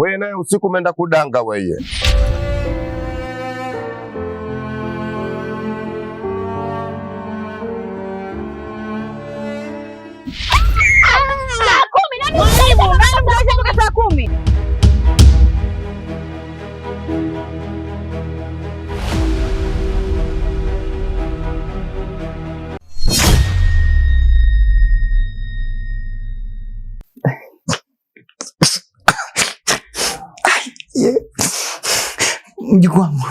Wewe naye usiku umeenda kudanga weye. saa kumi yeah. Mjukuu wangu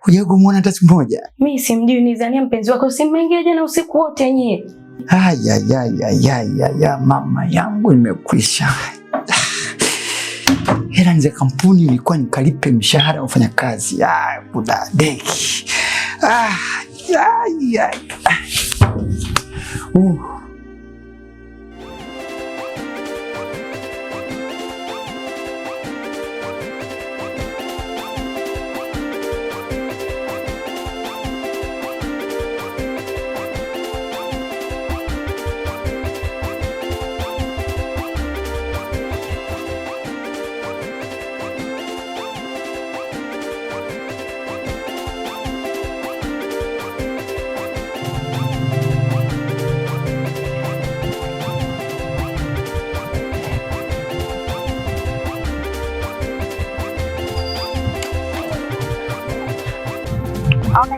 hujawahi kumwona hata siku moja? Mimi simjui, nizania mpenzi wako, simeingia jana usiku wote yenyewe. Ayayayayaya, mama yangu imekwisha. Hela za kampuni ilikuwa nikalipe mshahara wafanya kazi kudadeki. Ah, uh.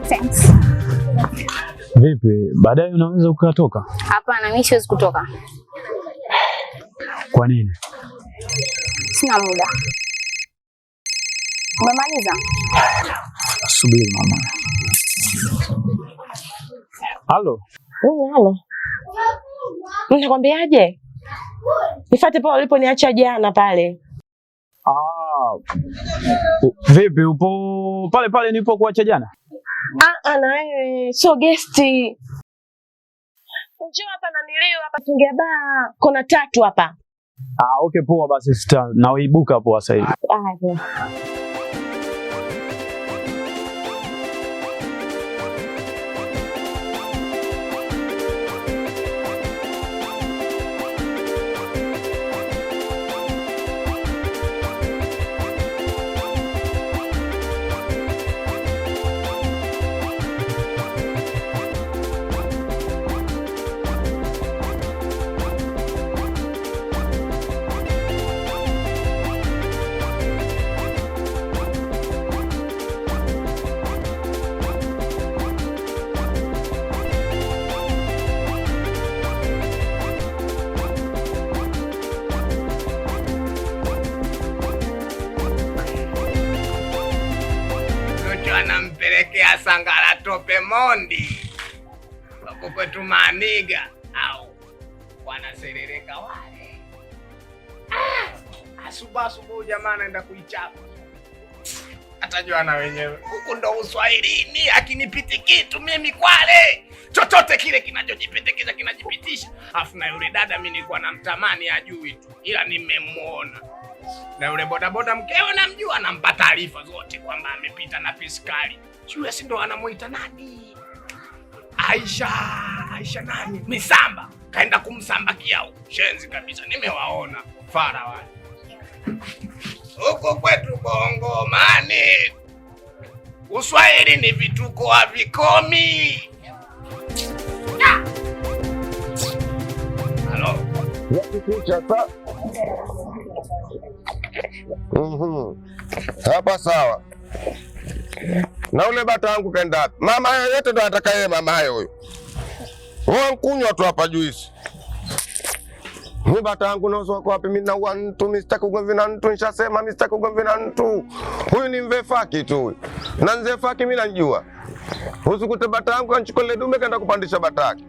Thanks. Vipi, baadaye unaweza ukatoka? Hapana, mimi siwezi kutoka. Kwa nini? Sina muda. Umemaliza? Subiri mama. Halo. Oh, halo. Nakwambiaje? Nifate pale uliponiacha jana pale. Ah. Vipi upo pale pale nilipokuacha jana? Ah, ana wewe sio gesti. Njoo hapa na nilio hapa tungea baa kona tatu hapa. Ah, okay poa basi sita. Na uibuka poa sasa hivi. Ah, okay. wapi? Wako kwetu maaniga au wanaserereka wale? Ah, asubuhi asubuhi jamaa anaenda kuichapa, na wenyewe. Huku ndo uswahilini, akinipiti kitu mimi kwale, chochote kile kinachojipendekeza kinajipitisha. Afu na yule dada mimi nilikuwa namtamani, ajui tu, ila nimemwona na yule bodaboda mkeo namjua, nampa taarifa zote kwamba amepita na fiskali, si ndo anamuita nani Aisha, Aisha nani? Misamba kaenda kumsambakia huko. Shenzi kabisa, nimewaona fara wale huko kwetu Bongomani. Uswahili ni vituko havikomi. Halo. Mhm. Hapa sawa na ule bata wangu kaenda wapi? Mama hayo yote ndo anataka yeye, mama hayo huyo wankunywa tu hapa juisi. Ni bata wangu nazo wako wapi? Mimi naua mtu, mimi sitaki ugomvi na mtu, nishasema mimi sitaki ugomvi na mtu. Huyu ni mzee faki tu huyu, na mzee faki mimi najua. Usikute bata wangu yangu anchukulie dume kaenda kupandisha bata yake.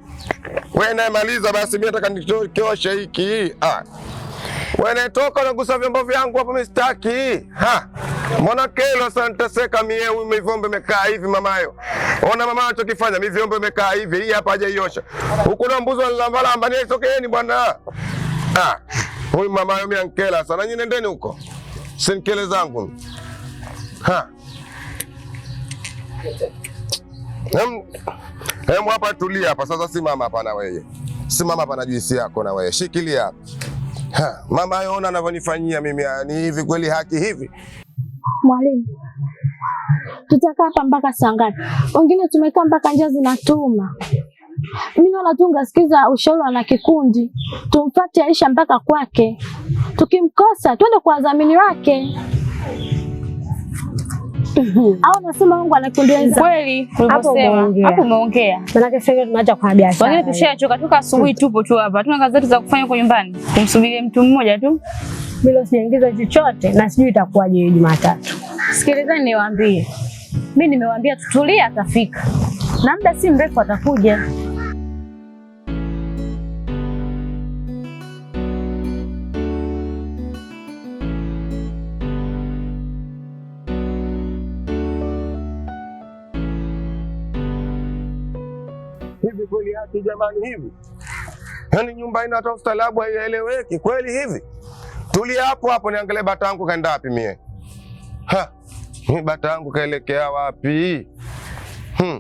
Wewe naye maliza basi, mimi nataka nikioshe hiki. Ah, wewe naye na unagusa vyombo vyangu hapo, mimi sitaki ha Mbona kelo sasa nitaseka mie huyu vyombo imekaa hivi mamayo. Ona mama anachokifanya, mimi vyombo imekaa hivi, hii hapa haja iosha Huko na mbuzi wanalamba lamba, ni sokeeni bwana. Ah. Huyu mamayo mimi ankela sana, nyinyi nendeni huko. Sinkele zangu. Ha. Hem, hem hapa tulia hapa sasa, simama hapa na wewe. Simama hapa na juisi yako na wewe. Shikilia Ha, mama yona anavyonifanyia mimi, ni hivi kweli haki hivi? Mwalimu, tutakaa hapa mpaka saa ngapi? Wengine tumekaa mpaka njia zinatuma. Mimi naona tu ngasikiza ushauri wa Kikundi, tumfuate Aisha mpaka kwake, tukimkosa twende kwa wadhamini wake. Au nasema Mungu anakundeza kweli. Hapo umeongea, maanake sasa tunaacha kwa biashara. Wengine tushachoka, toka asubuhi tupo tu hapa, tuna kazi zetu za kufanya huko nyumbani, tumsubirie mtu mmoja tu bila sijaingiza chochote, na sijui itakuwaje hiyo Jumatatu. Sikilizeni niwaambie, mi nimewaambia tutulia, atafika na muda si mrefu atakuja. Hivi kweli haki jamani? Hivi yaani nyumba inatoa ustaarabu, haieleweki kweli hivi? tulia hapo hapo, niangalie bata wangu kaenda wapi mie. Ha, mi bata wangu kaelekea wapi? Hmm.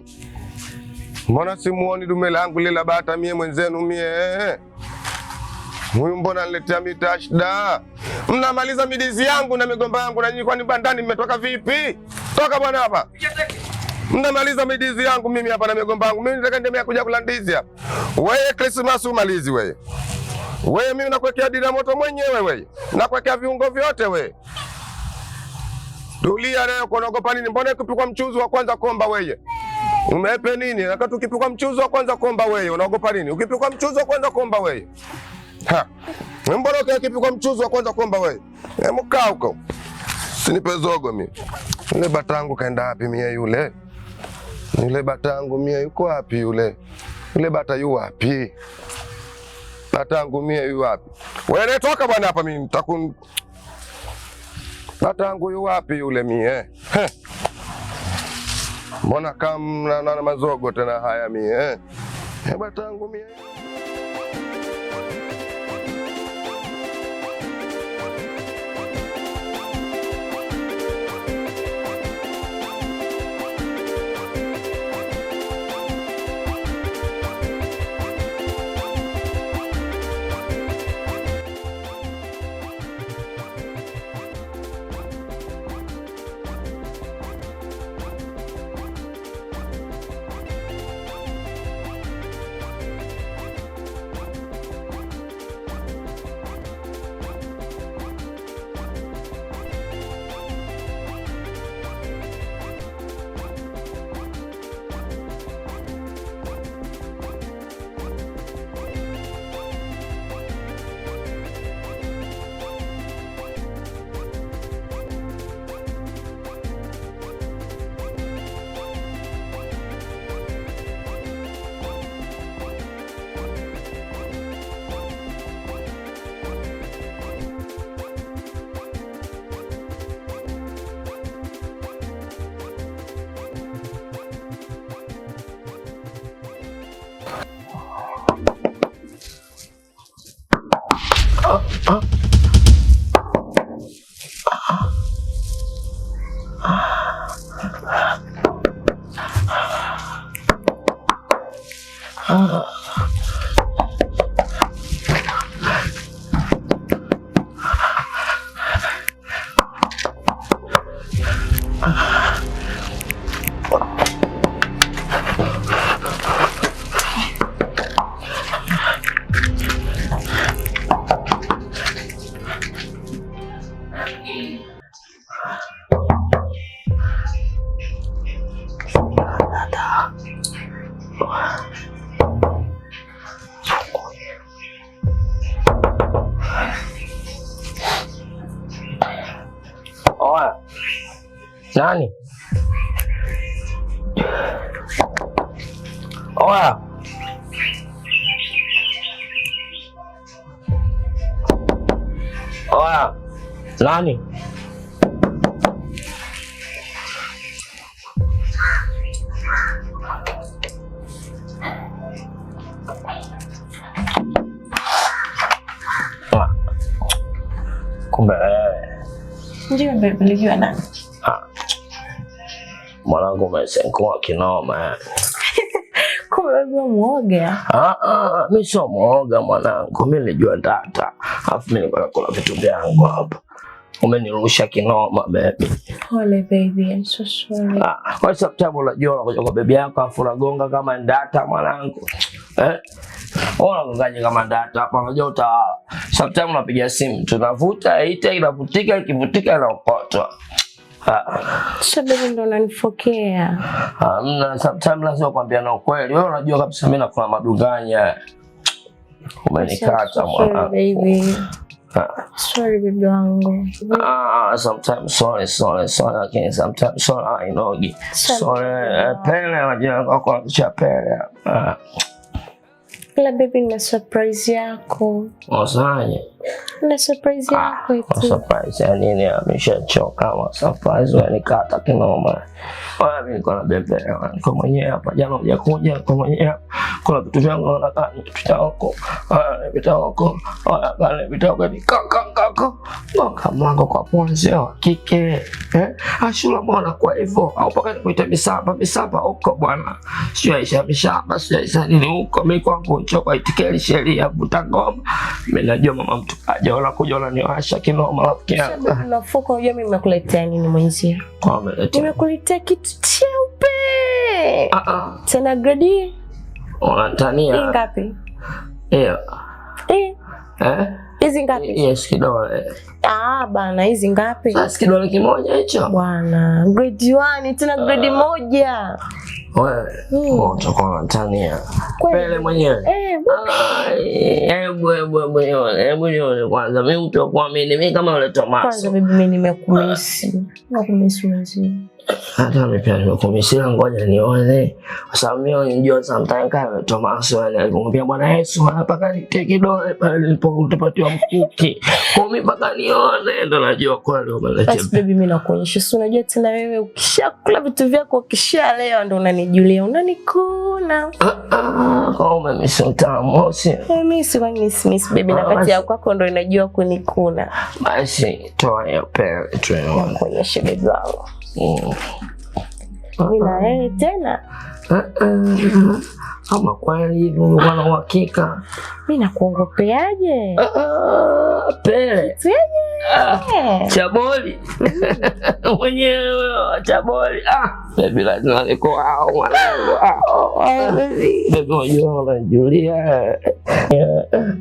Mbona simuoni dume langu lila bata mie mwenzenu mie? Huyu mbona aniletea mitashda? Mnamaliza midizi yangu na migomba yangu na nyinyi, kwani bandani mmetoka vipi? Toka bwana hapa. Mnamaliza midizi yangu mimi hapa na migomba yangu. Mimi nataka ndio mimi kuja kula ndizi hapa. Wewe Christmas umalizi wewe. Wewe mimi nakuwekea dira moto mwenyewe, wewe nakuwekea viungo vyote wewe. Tulia leo, kunaogopa nini? Mbona ukipikwa mchuzi wa kwanza kuomba wewe? Umepe nini? Wakati ukipikwa mchuzi wa kwanza kuomba wewe, unaogopa nini? Ukipikwa mchuzi wa kwanza kuomba wewe. Ha. Mbona ukipikwa mchuzi wa kwanza kuomba wewe? Hebu kaa huko. Sinipe zogo mimi. Yule batangu kaenda wapi mie yule? Yule batangu mie yuko wapi yule? Yule bata yu wapi? Natangu yu wapi? Wewe netoka bwana hapa mimi mtakun Natangu yu wapi yule mie? Mbona kama na mazogo tena haya mie? Hebu batangu mie Uh, Nani? Oya. Oya. Nani? Kumbe wewe. Ndio nimepelekewa nani? Mwanangu, umesenkua kinoma. Kumbe wewe muoga? Ah, ah, mimi sio muoga mwanangu, mi nilijua data, alafu mi nilikuwa nakula vitu vyangu hapa. Umenirusha kinoma baby. Pole baby, kwa sababu ah, unajua unakuja kwa baby yako afu unagonga kama ndata mwanangu. Eh? Unagongaje kama ndata hapa unajua utawala. Sometimes unapiga simu, tunavuta ite inavutika, ikivutika inaokotwa. Ah. Shabiri ndo unanifokea. Hamna, sometimes lazima kuambia na ukweli. Wewe unajua kabisa mimi nakula madunganya. Umenikata mwanangu. Ah. Sorry wangu. Ah, sorry, sorry, sorry sorry, Sorry, eh, pele unajua kwako kucha pele. Ah. baby, na surprise yako. Wasanye na surprise ah, yako eti. Ah, surprise ya nini? Ameshachoka wa surprise wa nikata kinoma. Wala mimi niko bebe niko mwenyewe hapa, jana hujakuja, niko mwenyewe. Kuna vitu vyangu naona kama vitoko. Ah, vitoko. Ah, kana vitoko ni kaka kaka. Ngoka mlango kwa ponzi wa kike. Eh? Ashura ah, bwana kwa hivyo au paka nikuita misaba misaba huko bwana. Sio Aisha misaba, sio Aisha nini huko mimi kwangu choka itikeli sheria butangoma. Mimi najua mama mtu aje Jola ndio wanakuja wananiwasha kinoma. Rafiki yangu nafuka, unajua mimi nimekuletea nini mwenzia? Nimekuletea kitu cheupe Ah ah. tena grade unatania ngapi? Hiyo eh eh hizi ngapi? Eh, yes, kidole. Ah, bana hizi ngapi? Sasa kidole kimoja hicho bwana, ah, grade 1 tena grade ah. uh, moja ah. Utakuwa pele mwenyewe. Hebu nione kwanza, mi mtu wa kuamini mi kama uletomaa. Kwanza bibi, mi nimekumisi, nakumisi hata mimi pia ngoja nione, kwa sababu mimi nijua sometimes kama Thomas wale alimwambia Bwana Yesu hapa kanitie kidole pale nilipopatiwa mkuki, kwa mimi mpaka nione, ndo najua kweli umeletea. Basi baby, mimi nakuonyesha, si unajua tena wewe ukishakula vitu vyako ukisha ndo unanijulia, unanikuna kwa ah, ah, ume mtamu, si mimi si kwa eh, miss miss baby, na ah, kati ya kwako ndo inajua kunikuna. Basi toa hiyo pale tu, nakuonyesha baby wangu bila yeye tena ama kweli, nilikuwa na uhakika. mi nakuongopeaje? Eh. Chaboli mm. mwenyewe Chaboli ah, bebi, lazima niko wao mwanangu, bebi ah. unajua unajulia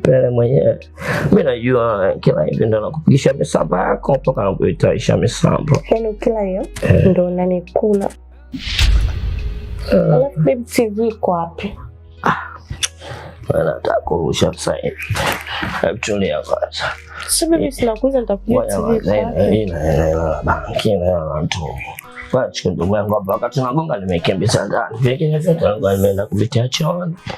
pele mwenyewe. Mi najua kila hivi ndo nakupigisha misamba yako mpaka nakuitaisha misamba, yaani ukila hiyo eh. ndo unanikula. Eh. Alafu bebi, TV iko wapi? Ah. Anataka kurusha sasa na hela mtu. Wacha wakati nagonga nimekimbiza ndani. Vile vile nimeenda